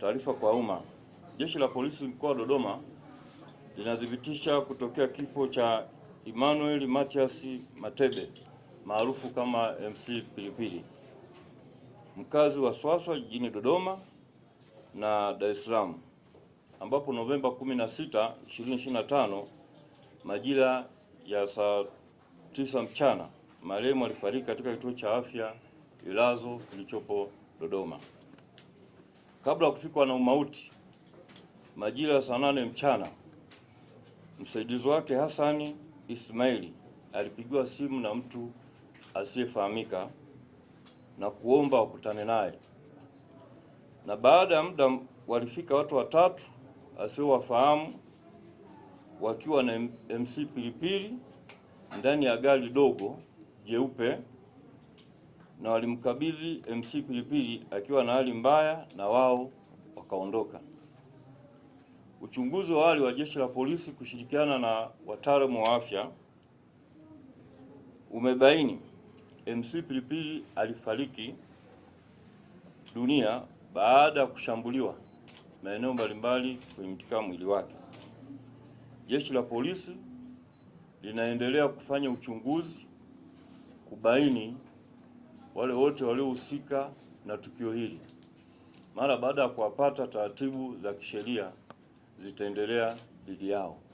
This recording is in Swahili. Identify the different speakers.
Speaker 1: Taarifa kwa umma. Jeshi la polisi mkoa wa Dodoma linathibitisha kutokea kifo cha Emmanuel Matias Matebe maarufu kama MC Pilipili, mkazi wa Swaswa jijini Dodoma na Dar es Salaam, ambapo Novemba 16, 2025 majira ya saa tisa mchana marehemu alifariki katika kituo cha afya Ilazo kilichopo Dodoma. Kabla ya kufikwa na umauti majira ya saa nane mchana, msaidizi wake Hasani Ismaili alipigiwa simu na mtu asiyefahamika na kuomba wakutane naye, na baada ya muda walifika watu watatu asiowafahamu wakiwa na MC Pilipili ndani ya gari dogo jeupe na walimkabidhi MC Pilipili akiwa na hali mbaya na wao wakaondoka. Uchunguzi wa awali wa jeshi la polisi kushirikiana na wataalamu wa afya umebaini MC Pilipili alifariki dunia baada ya kushambuliwa maeneo mbalimbali kwenye mtikaa mwili wake. Jeshi la polisi linaendelea kufanya uchunguzi kubaini wale wote waliohusika na tukio hili mara baada ya kuwapata taratibu za kisheria zitaendelea dhidi yao.